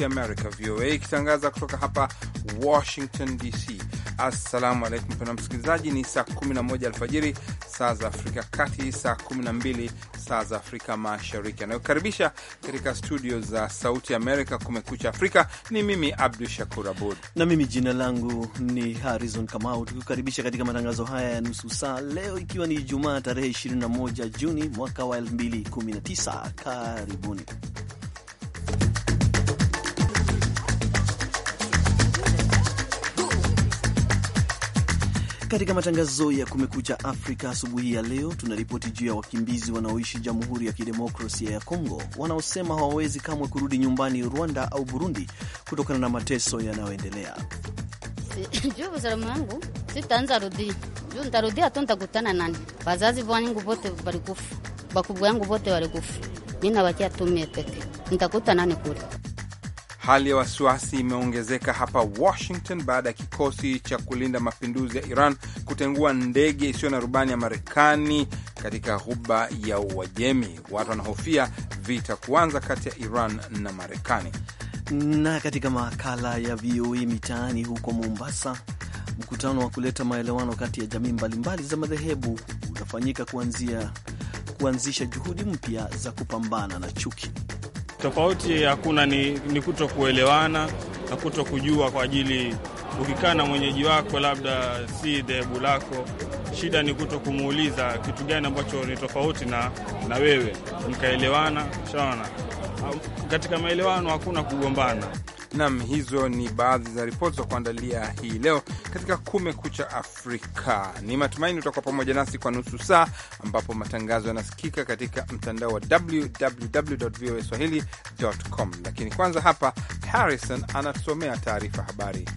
Sauti America VOA ikitangaza kutoka hapa Washington DC. Assalamu alaikum pena msikilizaji, ni saa 11 alfajiri saa za Afrika Kati, saa 12 saa za Afrika Mashariki. Anayokaribisha katika studio za Sauti Amerika Kumekucha Afrika ni mimi Abdu Shakur Abud na mimi jina langu ni Harrison Kamau, tukikukaribisha katika matangazo haya ya nusu saa leo, ikiwa ni Ijumaa tarehe 21 Juni mwaka wa 2019. Karibuni. Katika matangazo ya Kumekucha Afrika asubuhi ya leo, tunaripoti juu ya wakimbizi wanaoishi Jamhuri ya Kidemokrasia ya Kongo wanaosema hawawezi kamwe kurudi nyumbani Rwanda au Burundi kutokana na mateso yanayoendelea. Juu usalama wangu sitaanza rudi juu hatu ntakutana nani? Wazazi wangu vote walikufa, yangu vote walikufa, mi nawakia tumie ntakuta nani kule Hali ya wasiwasi imeongezeka hapa Washington baada ya kikosi cha kulinda mapinduzi ya Iran kutengua ndege isiyo na rubani ya Marekani katika ghuba ya Uajemi. Watu wanahofia vita kuanza kati ya Iran na Marekani. Na katika makala ya VOA e Mitaani huko Mombasa, mkutano wa kuleta maelewano kati ya jamii mbalimbali za madhehebu unafanyika kuanzia kuanzisha juhudi mpya za kupambana na chuki. Tofauti hakuna ni, ni kuto kuelewana na kuto kujua, kwa ajili ukikaa na mwenyeji wako labda si dhehebu lako, shida ni kuto kumuuliza kitu gani ambacho ni tofauti na, na wewe mkaelewana. Shaona katika maelewano hakuna kugombana. Nam, hizo ni baadhi za ripoti za kuandalia hii leo katika kume kucha Afrika. Ni matumaini utakuwa pamoja nasi kwa nusu saa, ambapo matangazo yanasikika katika mtandao wa swahilicom Lakini kwanza hapa Harrison anatusomea taarifa habari.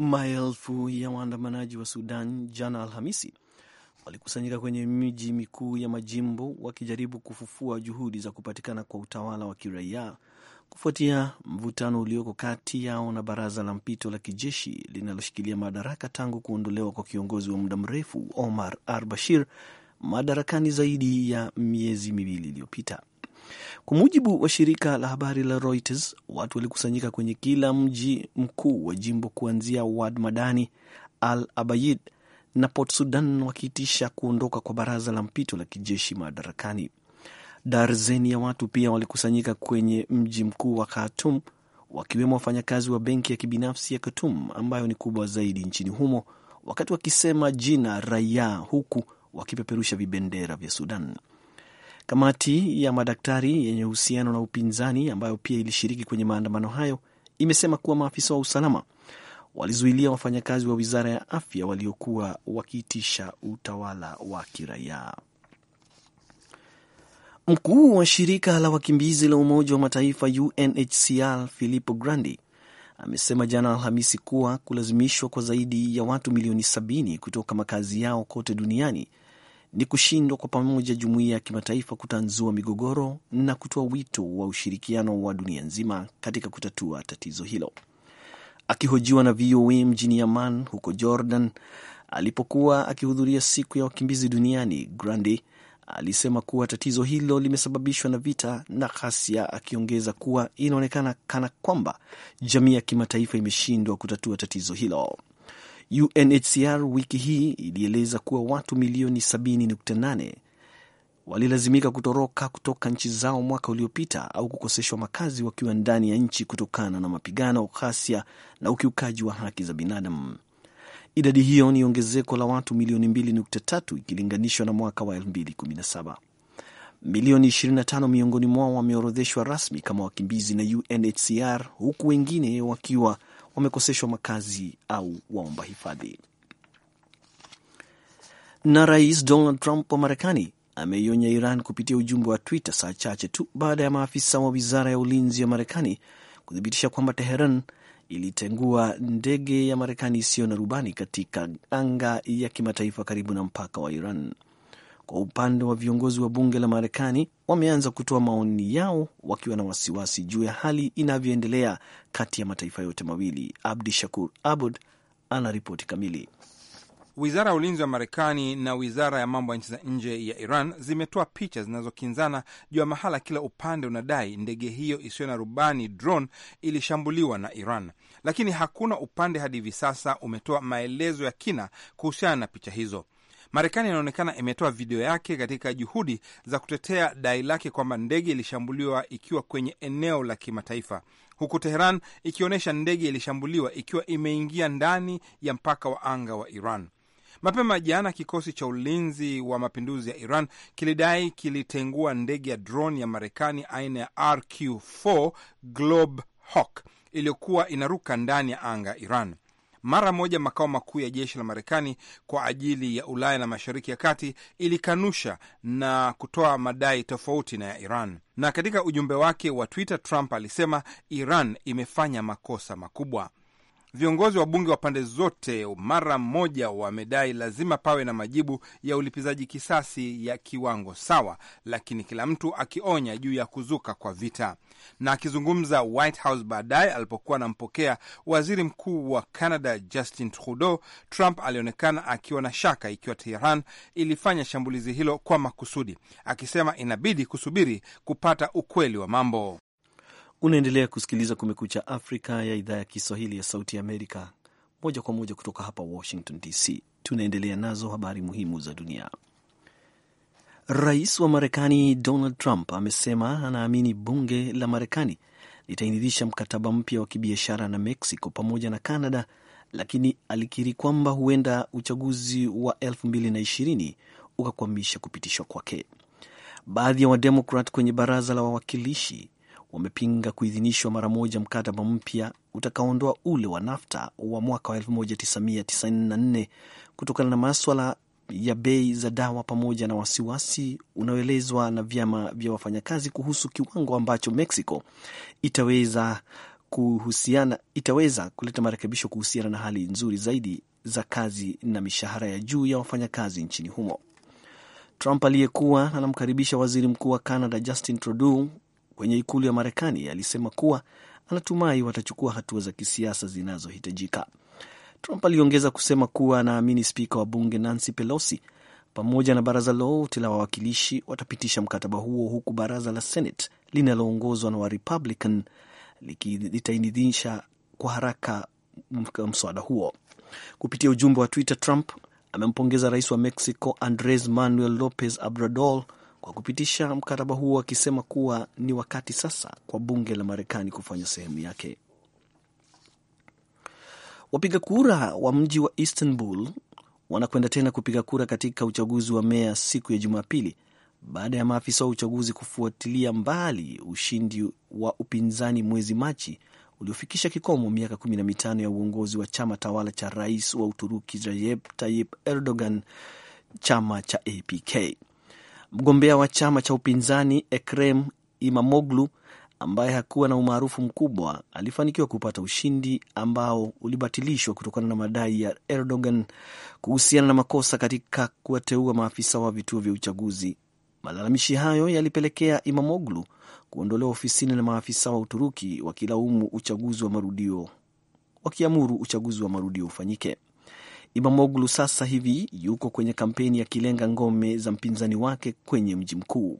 Maelfu ya waandamanaji wa Sudan jana Alhamisi walikusanyika kwenye miji mikuu ya majimbo wakijaribu kufufua juhudi za kupatikana kwa utawala wa kiraia kufuatia mvutano ulioko kati yao na baraza la mpito la kijeshi linaloshikilia madaraka tangu kuondolewa kwa kiongozi wa muda mrefu Omar al-Bashir madarakani zaidi ya miezi miwili iliyopita. Kwa mujibu wa shirika la habari la Reuters, watu walikusanyika kwenye kila mji mkuu wa jimbo kuanzia Wad Madani, Al Abayid na Port Sudan, wakiitisha kuondoka kwa baraza la mpito la kijeshi madarakani. Darzeni ya watu pia walikusanyika kwenye mji mkuu wa Khartoum, wakiwemo wafanyakazi wa benki ya kibinafsi ya Khartoum ambayo ni kubwa zaidi nchini humo, wakati wakisema jina raia, huku wakipeperusha vibendera vya Sudan. Kamati ya madaktari yenye uhusiano na upinzani ambayo pia ilishiriki kwenye maandamano hayo imesema kuwa maafisa wa usalama walizuilia wafanyakazi wa wizara ya afya waliokuwa wakiitisha utawala wa kiraia. Mkuu wa shirika la wakimbizi la Umoja wa Mataifa UNHCR Filippo Grandi amesema jana Alhamisi kuwa kulazimishwa kwa zaidi ya watu milioni sabini kutoka makazi yao kote duniani ni kushindwa kwa pamoja jumuiya ya kimataifa kutanzua migogoro na kutoa wito wa ushirikiano wa dunia nzima katika kutatua tatizo hilo. Akihojiwa na VOA mjini Yaman huko Jordan alipokuwa akihudhuria siku ya wakimbizi duniani, Grandi alisema kuwa tatizo hilo limesababishwa na vita na ghasia, akiongeza kuwa inaonekana kana kwamba jamii ya kimataifa imeshindwa kutatua tatizo hilo. UNHCR wiki hii ilieleza kuwa watu milioni 70.8 walilazimika kutoroka kutoka nchi zao mwaka uliopita au kukoseshwa makazi wakiwa ndani ya nchi kutokana na mapigano, ghasia na ukiukaji wa haki za binadamu. Idadi hiyo ni ongezeko la watu milioni 2.3 ikilinganishwa na mwaka wa 2017. Milioni 25 miongoni mwao wameorodheshwa rasmi kama wakimbizi na UNHCR huku wengine wakiwa wamekoseshwa makazi au waomba hifadhi. Na Rais Donald Trump wa Marekani ameionya Iran kupitia ujumbe wa Twitter saa chache tu baada ya maafisa wa wizara ya ulinzi ya Marekani kuthibitisha kwamba Teheran ilitengua ndege ya Marekani isiyo na rubani katika anga ya kimataifa karibu na mpaka wa Iran. Kwa upande wa viongozi wa bunge la Marekani, wameanza kutoa maoni yao wakiwa na wasiwasi juu ya hali inavyoendelea kati ya mataifa yote mawili. Abdi Shakur Abud ana ripoti kamili. Wizara ya ulinzi wa Marekani na wizara ya mambo ya nchi za nje ya Iran zimetoa picha zinazokinzana juu ya mahala kila upande unadai ndege hiyo isiyo na rubani drone ilishambuliwa na Iran, lakini hakuna upande hadi hivi sasa umetoa maelezo ya kina kuhusiana na picha hizo. Marekani inaonekana imetoa video yake katika juhudi za kutetea dai lake kwamba ndege ilishambuliwa ikiwa kwenye eneo la kimataifa, huku Teheran ikionyesha ndege ilishambuliwa ikiwa imeingia ndani ya mpaka wa anga wa Iran. Mapema jana kikosi cha ulinzi wa mapinduzi ya Iran kilidai kilitengua ndege ya drone ya Marekani aina ya RQ4 Hawk iliyokuwa inaruka ndani ya anga ya Iran mara moja makao makuu ya jeshi la Marekani kwa ajili ya Ulaya na Mashariki ya Kati ilikanusha na kutoa madai tofauti na ya Iran. Na katika ujumbe wake wa Twitter, Trump alisema Iran imefanya makosa makubwa. Viongozi wa bunge wa pande zote mara moja wamedai lazima pawe na majibu ya ulipizaji kisasi ya kiwango sawa, lakini kila mtu akionya juu ya kuzuka kwa vita. Na akizungumza White House baadaye alipokuwa anampokea waziri mkuu wa Canada Justin Trudeau, Trump alionekana akiwa na shaka ikiwa Teheran ilifanya shambulizi hilo kwa makusudi, akisema inabidi kusubiri kupata ukweli wa mambo. Unaendelea kusikiliza Kumekucha Afrika ya idhaa ya Kiswahili ya Sauti Amerika, moja kwa moja kutoka hapa Washington DC. Tunaendelea nazo habari muhimu za dunia. Rais wa Marekani Donald Trump amesema anaamini bunge la Marekani litaidhinisha mkataba mpya wa kibiashara na Mexico pamoja na Canada, lakini alikiri kwamba huenda uchaguzi wa 2020 ukakwamisha kupitishwa kwake. Baadhi ya Wademokrat kwenye baraza la wawakilishi wamepinga kuidhinishwa mara moja mkataba mpya utakaondoa ule wa NAFTA wa mwaka wa 1994 kutokana na maswala ya bei za dawa pamoja na wasiwasi unaoelezwa na vyama vya wafanyakazi kuhusu kiwango ambacho Mexico itaweza kuhusiana itaweza kuleta marekebisho kuhusiana na hali nzuri zaidi za kazi na mishahara ya juu ya wafanyakazi nchini humo. Trump aliyekuwa anamkaribisha waziri mkuu wa Canada Justin Trudeau kwenye ikulu ya Marekani alisema kuwa anatumai watachukua hatua za kisiasa zinazohitajika. Trump aliongeza kusema kuwa anaamini spika wa bunge Nancy Pelosi pamoja na baraza lote la wawakilishi watapitisha mkataba huo, huku baraza la Senate linaloongozwa na Warepublican litaidhinisha kwa haraka mswada huo. Kupitia ujumbe wa Twitter, Trump amempongeza rais wa Mexico Andres Manuel Lopez Obrador kwa kupitisha mkataba huo akisema kuwa ni wakati sasa kwa bunge la Marekani kufanya sehemu yake. Wapiga kura wa mji wa Istanbul wanakwenda tena kupiga kura katika uchaguzi wa meya siku ya Jumapili baada ya maafisa wa uchaguzi kufuatilia mbali ushindi wa upinzani mwezi Machi uliofikisha kikomo miaka kumi na mitano ya uongozi wa chama tawala cha rais wa Uturuki Recep Tayyip Erdogan, chama cha APK. Mgombea wa chama cha upinzani Ekrem Imamoglu ambaye hakuwa na umaarufu mkubwa alifanikiwa kupata ushindi ambao ulibatilishwa kutokana na madai ya Erdogan kuhusiana na makosa katika kuwateua maafisa wa vituo vya uchaguzi. Malalamishi hayo yalipelekea Imamoglu kuondolewa ofisini na maafisa wa Uturuki wakilaumu uchaguzi wa marudio, wakiamuru uchaguzi wa marudio ufanyike. Imamoglu sasa hivi yuko kwenye kampeni akilenga ngome za mpinzani wake kwenye mji mkuu.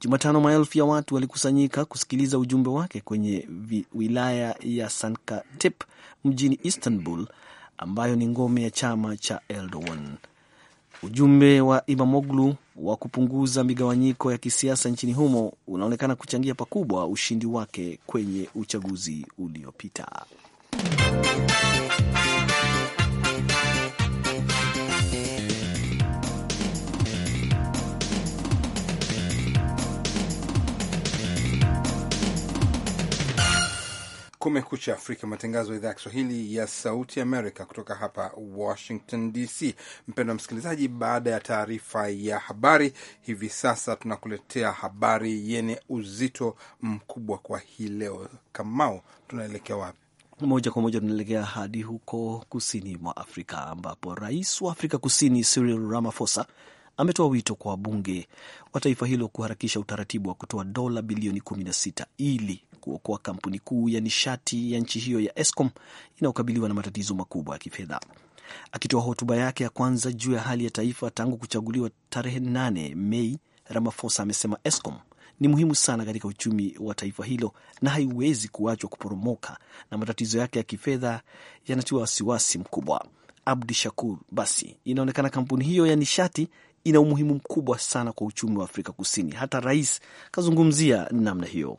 Jumatano, maelfu ya watu walikusanyika kusikiliza ujumbe wake kwenye wilaya ya Sankatep mjini Istanbul, ambayo ni ngome ya chama cha Erdogan. Ujumbe wa Imamoglu wa kupunguza migawanyiko ya kisiasa nchini humo unaonekana kuchangia pakubwa ushindi wake kwenye uchaguzi uliopita. Kumekucha Afrika, matangazo ya idhaa ya Kiswahili ya Sauti Amerika kutoka hapa Washington DC. Mpendwa msikilizaji, baada ya taarifa ya habari, hivi sasa tunakuletea habari yenye uzito mkubwa kwa hii leo. Kamao, tunaelekea wapi? Moja kwa moja tunaelekea hadi huko kusini mwa Afrika ambapo rais wa Afrika Kusini Cyril Ramaphosa ametoa wito kwa wabunge wa taifa hilo kuharakisha utaratibu wa kutoa dola bilioni 16 ili kuokoa kampuni kuu ya nishati ya nchi hiyo ya Eskom inayokabiliwa na matatizo makubwa ya kifedha. Akitoa hotuba yake ya kwanza juu ya hali ya taifa tangu kuchaguliwa tarehe 8 Mei, ramafosa amesema Eskom ni muhimu sana katika uchumi wa taifa hilo na haiwezi kuachwa kuporomoka, na matatizo yake ya kifedha yanatiwa wasiwasi mkubwa. Abdi Shakur, basi inaonekana kampuni hiyo ya nishati ina umuhimu mkubwa sana kwa uchumi wa Afrika Kusini. Hata rais kazungumzia namna hiyo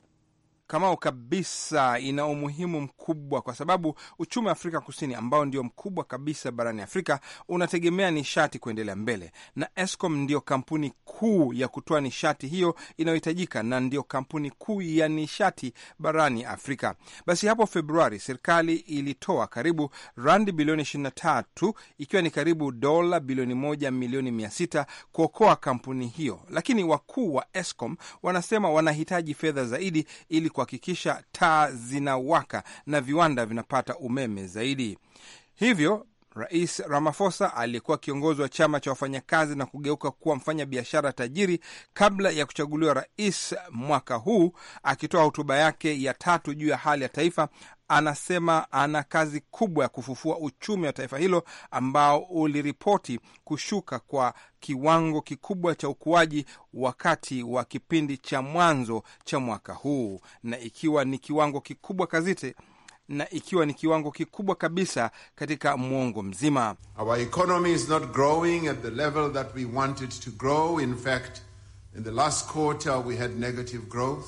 kamao kabisa ina umuhimu mkubwa kwa sababu uchumi wa Afrika Kusini ambao ndio mkubwa kabisa barani Afrika unategemea nishati kuendelea mbele, na Eskom ndio kampuni kuu ya kutoa nishati hiyo inayohitajika na ndio kampuni kuu ya nishati barani Afrika. Basi hapo Februari serikali ilitoa karibu randi bilioni 23 ikiwa ni karibu dola bilioni moja milioni mia sita kuokoa kampuni hiyo, lakini wakuu wa Eskom wanasema wanahitaji fedha zaidi ili kuhakikisha taa zinawaka na viwanda vinapata umeme zaidi. Hivyo Rais Ramaphosa aliyekuwa kiongozi wa chama cha wafanyakazi na kugeuka kuwa mfanya biashara tajiri kabla ya kuchaguliwa rais mwaka huu, akitoa hotuba yake ya tatu juu ya hali ya taifa, anasema ana kazi kubwa ya kufufua uchumi wa taifa hilo ambao uliripoti kushuka kwa kiwango kikubwa cha ukuaji wakati wa kipindi cha mwanzo cha mwaka huu, na ikiwa ni kiwango kikubwa kazite na ikiwa ni kiwango kikubwa kabisa katika mwongo mzima. Our economy is not growing at the level that we to grow. In fact, in the last quarter we had negative growth.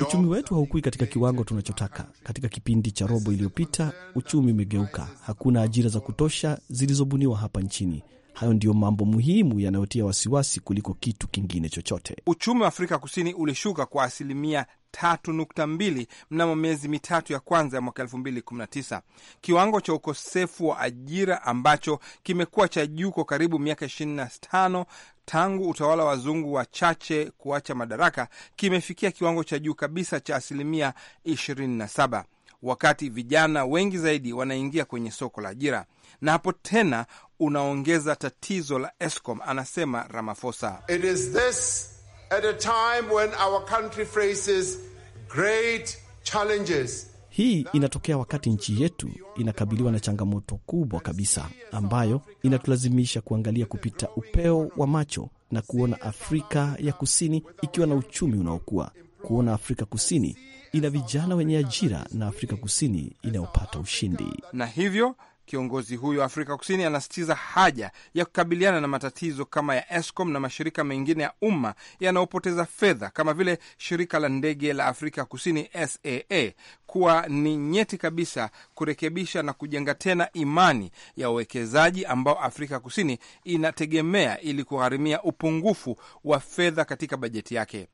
Uchumi wetu haukui katika kiwango tunachotaka. Katika kipindi cha robo iliyopita, uchumi umegeuka. Hakuna ajira za kutosha zilizobuniwa hapa nchini. Hayo ndiyo mambo muhimu yanayotia wasiwasi kuliko kitu kingine chochote. Uchumi wa Afrika Kusini ulishuka kwa asilimia 3.2 mnamo miezi mitatu ya kwanza ya mwaka 2019. Kiwango cha ukosefu wa ajira ambacho kimekuwa cha juu kwa karibu miaka 25 tangu utawala wa wazungu wachache kuacha madaraka kimefikia kiwango cha juu kabisa cha asilimia 27 wakati vijana wengi zaidi wanaingia kwenye soko la ajira, na hapo tena unaongeza tatizo la Escom, anasema Ramaphosa. It is this at a time when our country faces great challenges. Hii inatokea wakati nchi yetu inakabiliwa na changamoto kubwa kabisa ambayo inatulazimisha kuangalia kupita upeo wa macho na kuona Afrika ya Kusini ikiwa na uchumi unaokua, kuona Afrika Kusini ina vijana wenye ajira na Afrika Kusini inayopata ushindi. Na hivyo kiongozi huyo Afrika Kusini anasitiza haja ya kukabiliana na matatizo kama ya Eskom na mashirika mengine ya umma yanayopoteza fedha kama vile shirika la ndege la Afrika Kusini SAA kuwa ni nyeti kabisa kurekebisha na kujenga tena imani ya uwekezaji ambao Afrika Kusini inategemea ili kugharimia upungufu wa fedha katika bajeti yake.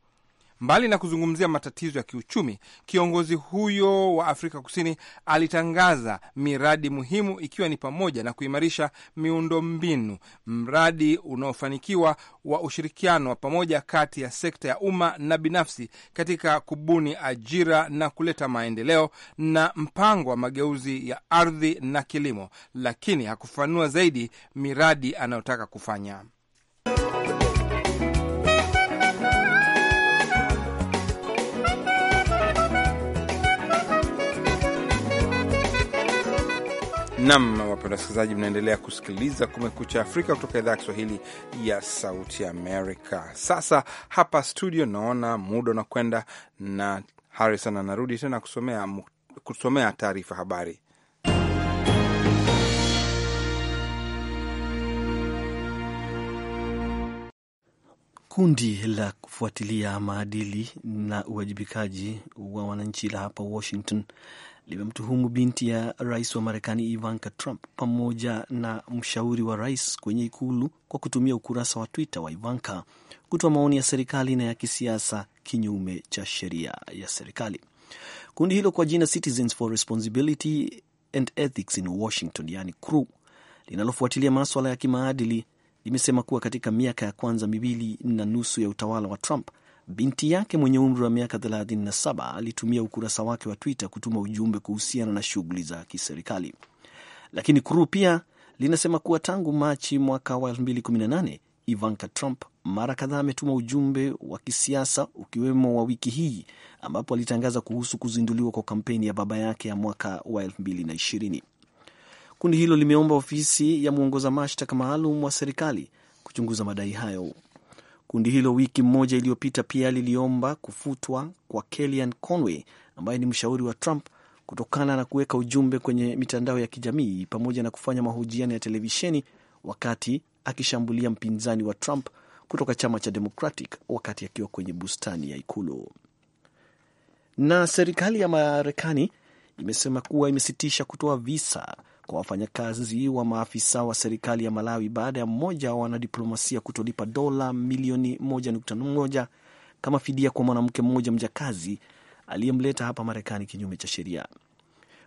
Mbali na kuzungumzia matatizo ya kiuchumi, kiongozi huyo wa Afrika Kusini alitangaza miradi muhimu, ikiwa ni pamoja na kuimarisha miundombinu, mradi unaofanikiwa wa ushirikiano wa pamoja kati ya sekta ya umma na binafsi katika kubuni ajira na kuleta maendeleo, na mpango wa mageuzi ya ardhi na kilimo, lakini hakufanua zaidi miradi anayotaka kufanya. Nam, wapenda wasikilizaji, mnaendelea kusikiliza Kumekucha Afrika kutoka idhaa ya Kiswahili ya Sauti Amerika. Sasa hapa studio, naona muda unakwenda na Harrison anarudi tena kusomea, kusomea taarifa habari. Kundi la kufuatilia maadili na uwajibikaji wa wananchi la hapa Washington limemtuhumu binti ya rais wa Marekani Ivanka Trump pamoja na mshauri wa rais kwenye ikulu kwa kutumia ukurasa wa Twitter wa Ivanka kutoa maoni ya serikali na ya kisiasa kinyume cha sheria ya serikali. Kundi hilo kwa jina Citizens for Responsibility and Ethics in Washington, yani CREW, linalofuatilia maswala ya kimaadili imesema kuwa katika miaka ya kwanza miwili na nusu ya utawala wa Trump, binti yake mwenye umri wa miaka 37 alitumia ukurasa wake wa Twitter kutuma ujumbe kuhusiana na shughuli za kiserikali. Lakini Kuru pia linasema kuwa tangu Machi mwaka wa 2018 Ivanka Trump mara kadhaa ametuma ujumbe wa kisiasa ukiwemo wa wiki hii ambapo alitangaza kuhusu kuzinduliwa kwa kampeni ya baba yake ya mwaka wa 2020. Kundi hilo limeomba ofisi ya mwongoza mashtaka maalum wa serikali kuchunguza madai hayo. Kundi hilo wiki moja iliyopita pia liliomba kufutwa kwa Kellyanne Conway ambaye ni mshauri wa Trump kutokana na kuweka ujumbe kwenye mitandao ya kijamii pamoja na kufanya mahojiano ya televisheni wakati akishambulia mpinzani wa Trump kutoka chama cha Democratic wakati akiwa kwenye bustani ya Ikulu. Na serikali ya Marekani imesema kuwa imesitisha kutoa visa kwa wafanyakazi wa maafisa wa serikali ya Malawi baada ya mmoja wa wanadiplomasia kutolipa dola milioni 1.1 kama fidia kwa mwanamke mmoja mjakazi aliyemleta hapa Marekani kinyume cha sheria.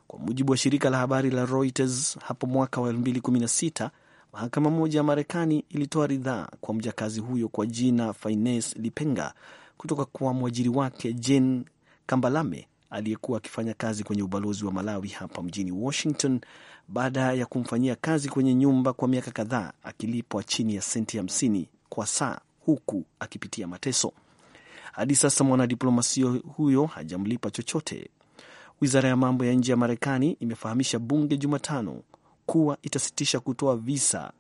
Kwa mujibu wa shirika la habari la Reuters, hapo mwaka wa 2016 mahakama moja ya Marekani ilitoa ridhaa kwa mjakazi huyo kwa jina Fines Lipenga kutoka kwa mwajiri wake Jane Kambalame aliyekuwa akifanya kazi kwenye ubalozi wa Malawi hapa mjini Washington baada ya kumfanyia kazi kwenye nyumba kwa miaka kadhaa akilipwa chini ya senti hamsini kwa saa huku akipitia mateso. Hadi sasa mwanadiplomasia huyo hajamlipa chochote. Wizara ya mambo ya nje ya Marekani imefahamisha bunge Jumatano kuwa itasitisha kutoa visa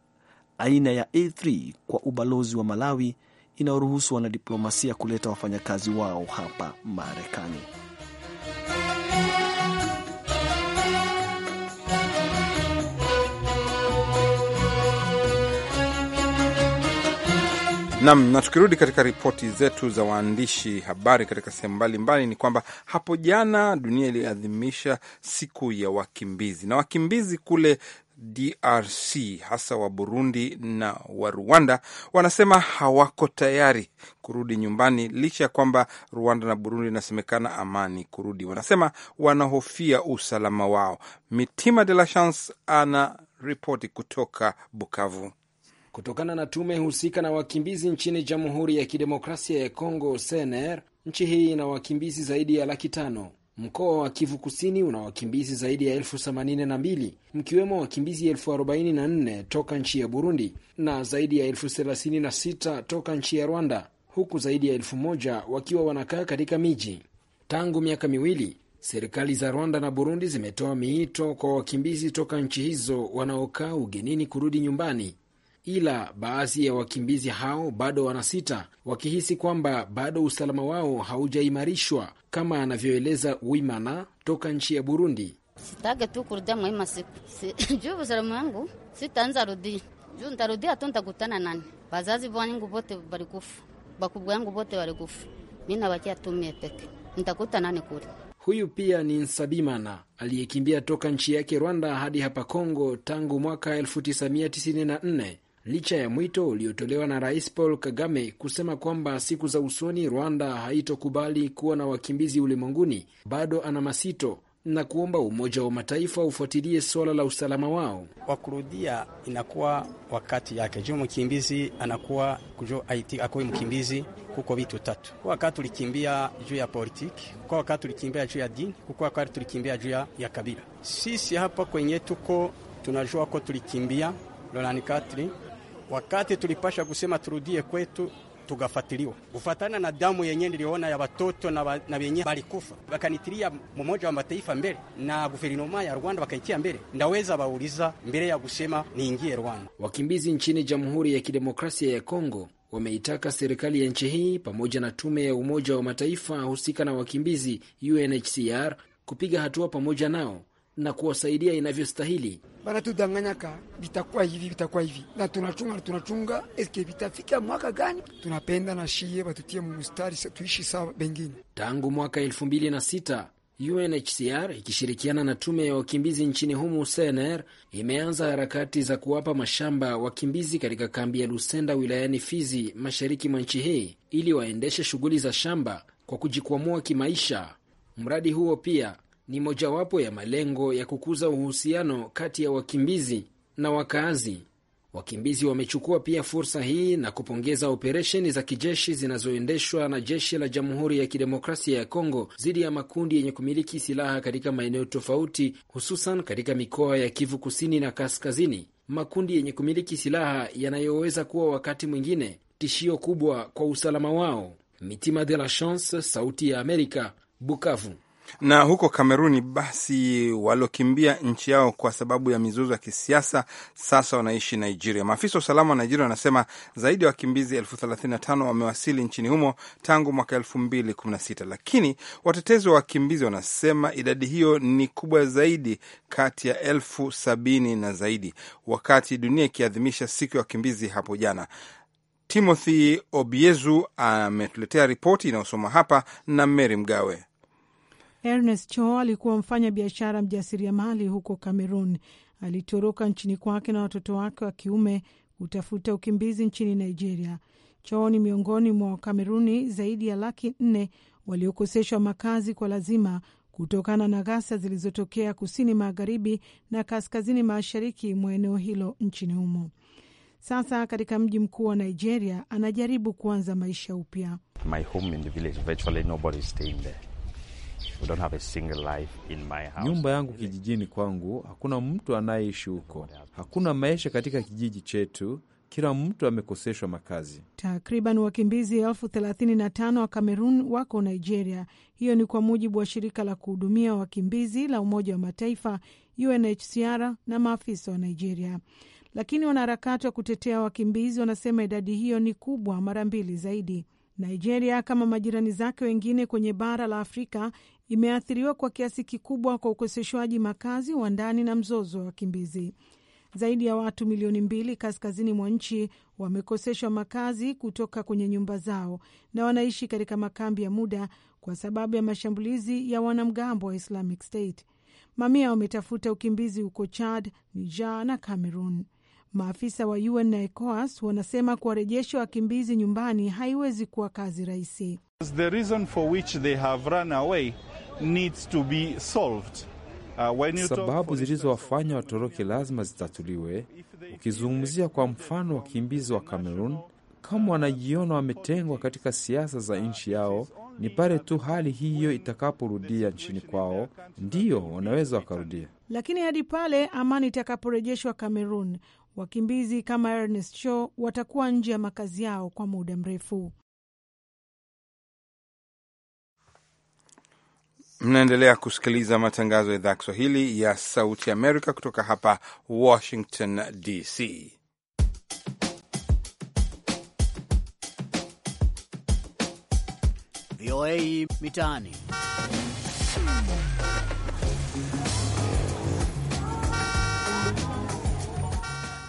aina ya A3 kwa ubalozi wa Malawi inayoruhusu wanadiplomasia kuleta wafanyakazi wao hapa Marekani. Nam, na tukirudi katika ripoti zetu za waandishi habari katika sehemu mbalimbali, ni kwamba hapo jana dunia iliadhimisha siku ya wakimbizi, na wakimbizi kule DRC hasa wa Burundi na wa Rwanda wanasema hawako tayari kurudi nyumbani, licha ya kwamba Rwanda na Burundi inasemekana amani kurudi. Wanasema wanahofia usalama wao. Mitima de la Chance ana ripoti kutoka Bukavu kutokana na tume husika na wakimbizi nchini Jamhuri ya Kidemokrasia ya Kongo CNR. Nchi hii ina wakimbizi zaidi ya laki tano. Mkoa wa Kivu Kusini una wakimbizi zaidi ya elfu themanini na mbili mkiwemo wakimbizi elfu arobaini na nne toka nchi ya Burundi na zaidi ya elfu thelathini na sita toka nchi ya Rwanda, huku zaidi ya elfu moja wakiwa wanakaa katika miji. Tangu miaka miwili serikali za Rwanda na Burundi zimetoa miito kwa wakimbizi toka nchi hizo wanaokaa ugenini kurudi nyumbani ila baadhi ya wakimbizi hao bado wanasita, wakihisi kwamba bado usalama wao haujaimarishwa, kama anavyoeleza Wimana toka nchi ya Burundi. tu kurudia siku si, juu usalama wangu juu ntarudia ntakutana nani wazazi vote bakubwa yangu vote tumie peke ntakuta nani kule. Huyu pia ni Nsabimana aliyekimbia toka nchi yake Rwanda hadi hapa Kongo tangu mwaka 1994 licha ya mwito uliotolewa na Rais Paul Kagame kusema kwamba siku za usoni Rwanda haitokubali kuwa na wakimbizi ulimwenguni, bado ana masito na kuomba Umoja wa Mataifa ufuatilie suala la usalama wao. wakurudia kurudia, inakuwa wakati yake juu mkimbizi anakuwa kujo aiti akoi mkimbizi. Kuko vitu tatu, kwa wakati tulikimbia juu ya politiki, kwa wakati tulikimbia juu ya dini, kuko wakati tulikimbia juu ya kabila. Sisi hapa kwenye tuko tunajua ko tulikimbia Lonani Katri wakati tulipasha kusema turudie kwetu tugafatiliwa kufatana na damu yenye niliona ya watoto na, wa, wenye balikufa bakanitilia mmoja wa mataifa mbele na guverinoma ya Rwanda bakaitia mbele, ndaweza bauliza mbele ya kusema niingie Rwanda. Wakimbizi nchini Jamhuri ya Kidemokrasia ya Kongo wameitaka serikali ya nchi hii pamoja na tume ya Umoja wa Mataifa husika na wakimbizi UNHCR kupiga hatua pamoja nao na kuwasaidia inavyostahili. Banatudanganyaka vitakuwa hivi vitakuwa hivi, na tunachunga na tunachunga, eske vitafika mwaka gani? Tunapenda na shie watutie mustari, tuishi sawa. Bengine tangu mwaka elfu mbili na sita UNHCR ikishirikiana na tume ya wakimbizi nchini humo CNR imeanza harakati za kuwapa mashamba wakimbizi katika kambi ya Lusenda wilayani Fizi, mashariki mwa nchi hii ili waendeshe shughuli za shamba kwa kujikwamua kimaisha. Mradi huo pia ni mojawapo ya malengo ya kukuza uhusiano kati ya wakimbizi na wakaazi. Wakimbizi wamechukua pia fursa hii na kupongeza operesheni za kijeshi zinazoendeshwa na jeshi la Jamhuri ya Kidemokrasia ya Kongo dhidi ya makundi yenye kumiliki silaha katika maeneo tofauti, hususan katika mikoa ya Kivu Kusini na Kaskazini, makundi yenye kumiliki silaha yanayoweza kuwa wakati mwingine tishio kubwa kwa usalama wao. Mitima de la Chance, Sauti ya Amerika, Bukavu. Na huko Kameruni basi waliokimbia nchi yao kwa sababu ya mizozo ya kisiasa sasa wanaishi Nigeria. Maafisa wa usalama wa Nigeria wanasema zaidi ya wakimbizi elfu thelathini na tano wamewasili nchini humo tangu mwaka elfu mbili kumi na sita lakini watetezi wa wakimbizi wanasema idadi hiyo ni kubwa zaidi, kati ya elfu sabini na zaidi, wakati dunia ikiadhimisha siku ya wakimbizi hapo jana. Timothy Obiezu ametuletea ripoti inayosoma hapa na Mary Mgawe. Ernest Cho alikuwa mfanya biashara mjasiriamali huko Cameroon. Alitoroka nchini kwake na watoto wake wa kiume kutafuta ukimbizi nchini Nigeria. Cho ni miongoni mwa Wakameruni zaidi ya laki nne waliokoseshwa makazi kwa lazima kutokana na ghasia zilizotokea kusini magharibi na kaskazini mashariki mwa eneo hilo nchini humo. Sasa katika mji mkuu wa Nigeria anajaribu kuanza maisha upya. Nyumba yangu kijijini kwangu, hakuna mtu anayeishi huko, hakuna maisha katika kijiji chetu. Kila mtu amekoseshwa makazi. Takriban wakimbizi elfu thelathini na tano wa Kamerun wako Nigeria. Hiyo ni kwa mujibu wa shirika la kuhudumia wakimbizi la Umoja wa Mataifa, UNHCR, na maafisa wa Nigeria. Lakini wanaharakati wa kutetea wakimbizi wanasema idadi hiyo ni kubwa mara mbili zaidi. Nigeria, kama majirani zake wengine kwenye bara la Afrika, imeathiriwa kwa kiasi kikubwa kwa ukoseshwaji makazi wa ndani na mzozo wa wakimbizi. Zaidi ya watu milioni mbili kaskazini mwa nchi wamekoseshwa makazi kutoka kwenye nyumba zao na wanaishi katika makambi ya muda kwa sababu ya mashambulizi ya wanamgambo wa Islamic State. Mamia wametafuta ukimbizi huko Chad, Niger na Cameroon. Maafisa wa UN na ECOWAS wanasema kuwarejesha wakimbizi nyumbani haiwezi kuwa kazi rahisi. The reason for which they have run away needs to be solved. Uh, sababu zilizowafanya watoroke lazima zitatuliwe. Ukizungumzia kwa mfano wakimbizi wa Cameroon, kama wanajiona wametengwa katika siasa za nchi yao, ni pale tu hali hiyo itakaporudia nchini kwao ndiyo wanaweza wakarudia. Lakini hadi pale amani itakaporejeshwa Kamerun, wakimbizi kama Ernest Shaw watakuwa nje ya makazi yao kwa muda mrefu. Mnaendelea kusikiliza matangazo ya idhaa ya Kiswahili ya Sauti Amerika kutoka hapa Washington DC. VOA Mitaani.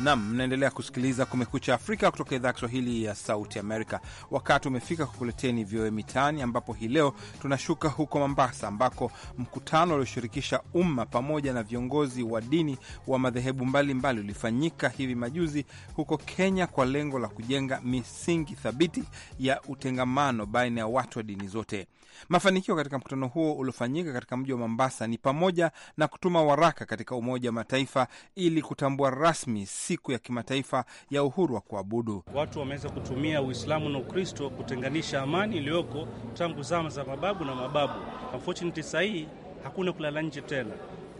Nam, mnaendelea kusikiliza Kumekucha Afrika kutoka idhaa ya Kiswahili ya Sauti Amerika. Wakati umefika kukuleteni VOA e Mitaani, ambapo hii leo tunashuka huko Mombasa, ambako mkutano ulioshirikisha umma pamoja na viongozi wa dini wa madhehebu mbalimbali ulifanyika hivi majuzi huko Kenya kwa lengo la kujenga misingi thabiti ya utengamano baina ya watu wa dini zote. Mafanikio katika mkutano huo uliofanyika katika mji wa Mombasa ni pamoja na kutuma waraka katika Umoja wa Mataifa ili kutambua rasmi siku ya kimataifa ya uhuru wa kuabudu. Watu wameweza kutumia Uislamu na Ukristo kutenganisha amani iliyoko tangu zama za mababu na mababu. Unfortunately, sahii hii hakuna kulala nje tena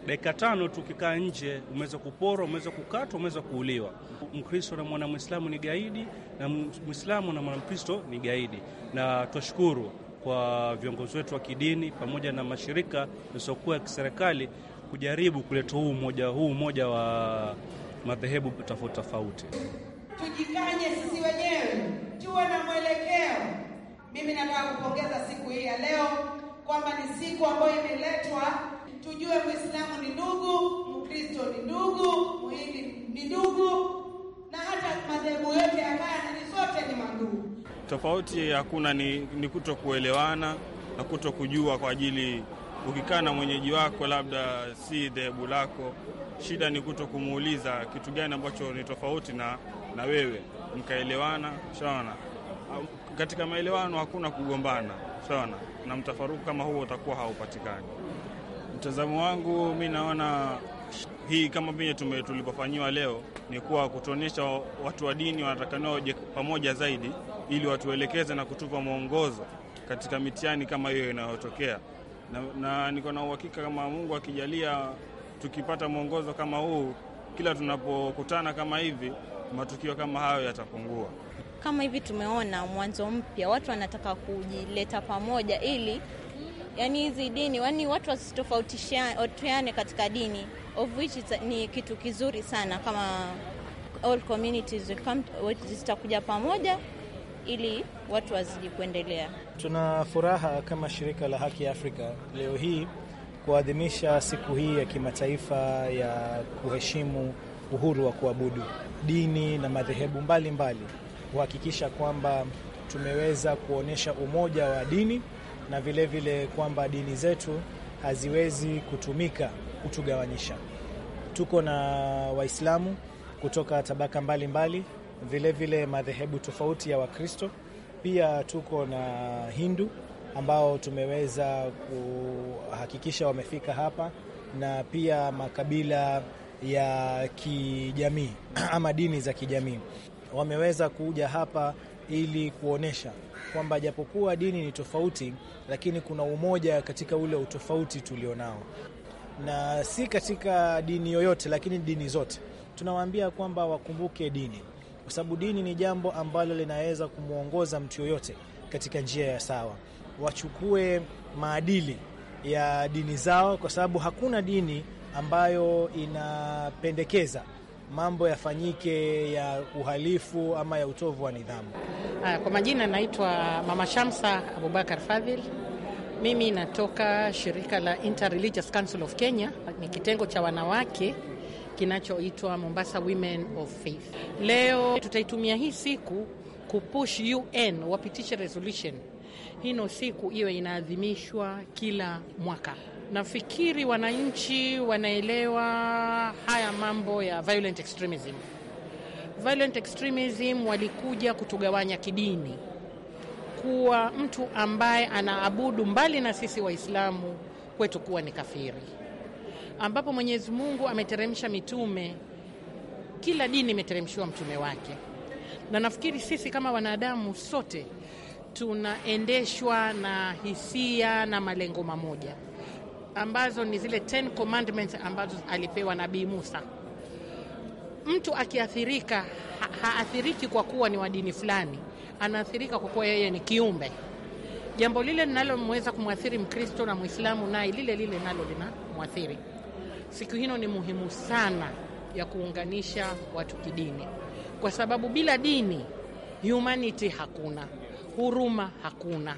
dakika tano tu ukikaa nje, umeweza kuporwa, umeweza kukatwa, umeweza kuuliwa. Mkristo na mwanamwislamu ni gaidi na mwislamu na mwanamkristo ni gaidi, na twashukuru kwa viongozi wetu wa kidini pamoja na mashirika yasiokuwa ya kiserikali kujaribu kuleta huu umoja huu umoja wa madhehebu tofauti tofauti. Tujikanye sisi wenyewe, tuwe na mwelekeo. Mimi nataka kupongeza siku hii ya leo kwamba ni siku ambayo imeletwa tujue, Muislamu ni ndugu, Mkristo ni ndugu, Muhindi ni ndugu, na hata madhehebu yote hapana, ni sote ni mandugu. Tofauti hakuna ni, ni kuto kuelewana na kuto kujua, kwa ajili ukikaa na mwenyeji wako labda si dhehebu lako, shida ni kuto kumuuliza kitu gani ambacho ni tofauti na, na wewe, mkaelewana shaona. Katika maelewano hakuna kugombana shaona, na mtafaruku kama huo utakuwa haupatikani. Mtazamo wangu mi naona hii kama vile tulipofanyiwa leo ni kuwa kutuonyesha watu wa dini wanatakaniwa pamoja zaidi ili watuelekeze na kutupa mwongozo katika mitihani kama hiyo inayotokea, na, na niko na uhakika kama Mungu akijalia, tukipata mwongozo kama huu, kila tunapokutana kama hivi, matukio kama hayo yatapungua. Kama hivi tumeona mwanzo mpya, watu wanataka kujileta pamoja ili yani hizi dini, yani watu wasitofautishane katika dini, of which ni kitu kizuri sana kama all communities zitakuja pamoja ili watu wazidi kuendelea. Tuna furaha kama shirika la Haki Afrika leo hii kuadhimisha siku hii ya kimataifa ya kuheshimu uhuru wa kuabudu dini na madhehebu mbalimbali, kuhakikisha kwamba tumeweza kuonyesha umoja wa dini na vilevile vile kwamba dini zetu haziwezi kutumika kutugawanyisha. Tuko na Waislamu kutoka tabaka mbalimbali mbali, vilevile vile madhehebu tofauti ya Wakristo. Pia tuko na Hindu ambao tumeweza kuhakikisha wamefika hapa, na pia makabila ya kijamii ama dini za kijamii wameweza kuja hapa ili kuonyesha kwamba japokuwa dini ni tofauti, lakini kuna umoja katika ule utofauti tulionao, na si katika dini yoyote, lakini dini zote tunawaambia kwamba wakumbuke dini kwa sababu dini ni jambo ambalo linaweza kumwongoza mtu yoyote katika njia ya sawa. Wachukue maadili ya dini zao, kwa sababu hakuna dini ambayo inapendekeza mambo yafanyike ya uhalifu ama ya utovu wa nidhamu. Ah, kwa majina, naitwa Mama Shamsa Abubakar Fadhil. Mimi natoka shirika la Interreligious Council of Kenya, ni kitengo cha wanawake kinachoitwa Mombasa Women of Faith. Leo tutaitumia hii siku kupush UN wapitishe resolution hino siku iwe inaadhimishwa kila mwaka. Nafikiri wananchi wanaelewa haya mambo ya violent extremism. Violent extremism walikuja kutugawanya kidini, kuwa mtu ambaye anaabudu mbali na sisi Waislamu kwetu kuwa ni kafiri ambapo Mwenyezi Mungu ameteremsha mitume. Kila dini imeteremshiwa mtume wake, na nafikiri sisi kama wanadamu sote tunaendeshwa na hisia na malengo mamoja ambazo ni zile Ten Commandments ambazo alipewa Nabii Musa. Mtu akiathirika haathiriki kwa kuwa ni wa dini fulani, anaathirika kwa kuwa yeye ni kiumbe. Jambo lile linalomweza kumwathiri Mkristo na Mwislamu naye lile lile nalo linamwathiri siku hino ni muhimu sana ya kuunganisha watu kidini, kwa sababu bila dini humanity hakuna, huruma hakuna,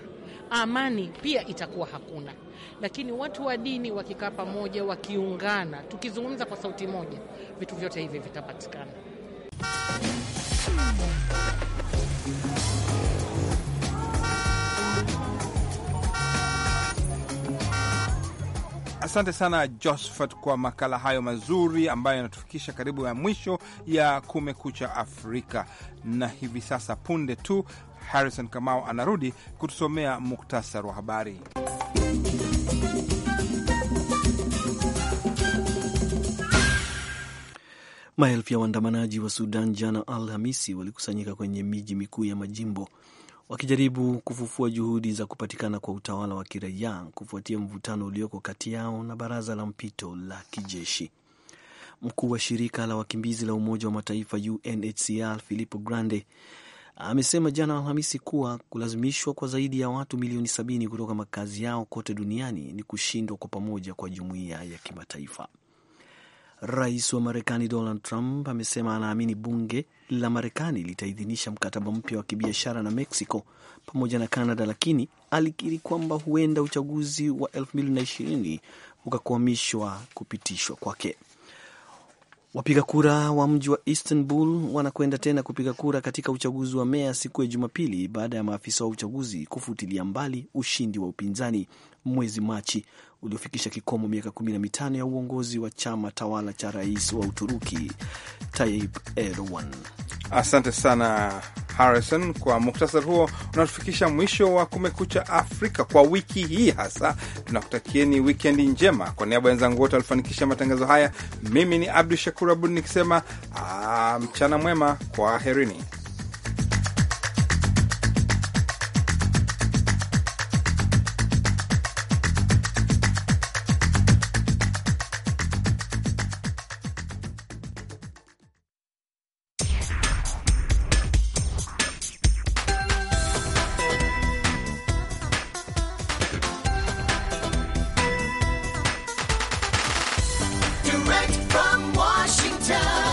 amani pia itakuwa hakuna. Lakini watu wa dini wakikaa pamoja, wakiungana, tukizungumza kwa sauti moja, vitu vyote hivi vitapatikana. Asante sana Josphat kwa makala hayo mazuri ambayo yanatufikisha karibu ya mwisho ya Kumekucha Afrika, na hivi sasa punde tu Harrison Kamau anarudi kutusomea muktasar wa habari. Maelfu ya waandamanaji wa Sudan jana Alhamisi walikusanyika kwenye miji mikuu ya majimbo wakijaribu kufufua juhudi za kupatikana kwa utawala wa kiraia kufuatia mvutano ulioko kati yao na baraza la mpito la kijeshi. Mkuu wa shirika la wakimbizi la Umoja wa Mataifa UNHCR Filippo Grandi amesema jana Alhamisi kuwa kulazimishwa kwa zaidi ya watu milioni sabini kutoka makazi yao kote duniani ni kushindwa kwa pamoja kwa jumuiya ya kimataifa. Rais wa Marekani Donald Trump amesema anaamini bunge la Marekani litaidhinisha mkataba mpya wa kibiashara na Mexico pamoja na Canada, lakini alikiri kwamba huenda uchaguzi wa 2020 ukakwamishwa kupitishwa kwake. Wapiga kura wa mji wa Istanbul wanakwenda tena kupiga kura katika uchaguzi wa meya siku ya Jumapili baada ya maafisa wa uchaguzi kufutilia mbali ushindi wa upinzani mwezi Machi uliofikisha kikomo miaka 15 ya uongozi wa chama tawala cha rais wa Uturuki Tayyip Erdogan. Asante sana Harrison kwa muktasari huo unatufikisha mwisho wa Kumekucha Afrika kwa wiki hii hasa. Tunakutakieni wikendi njema. Kwa niaba ya wenzangu wote walifanikisha matangazo haya, mimi ni Abdu Shakur Abud nikisema ah, mchana mwema, kwa herini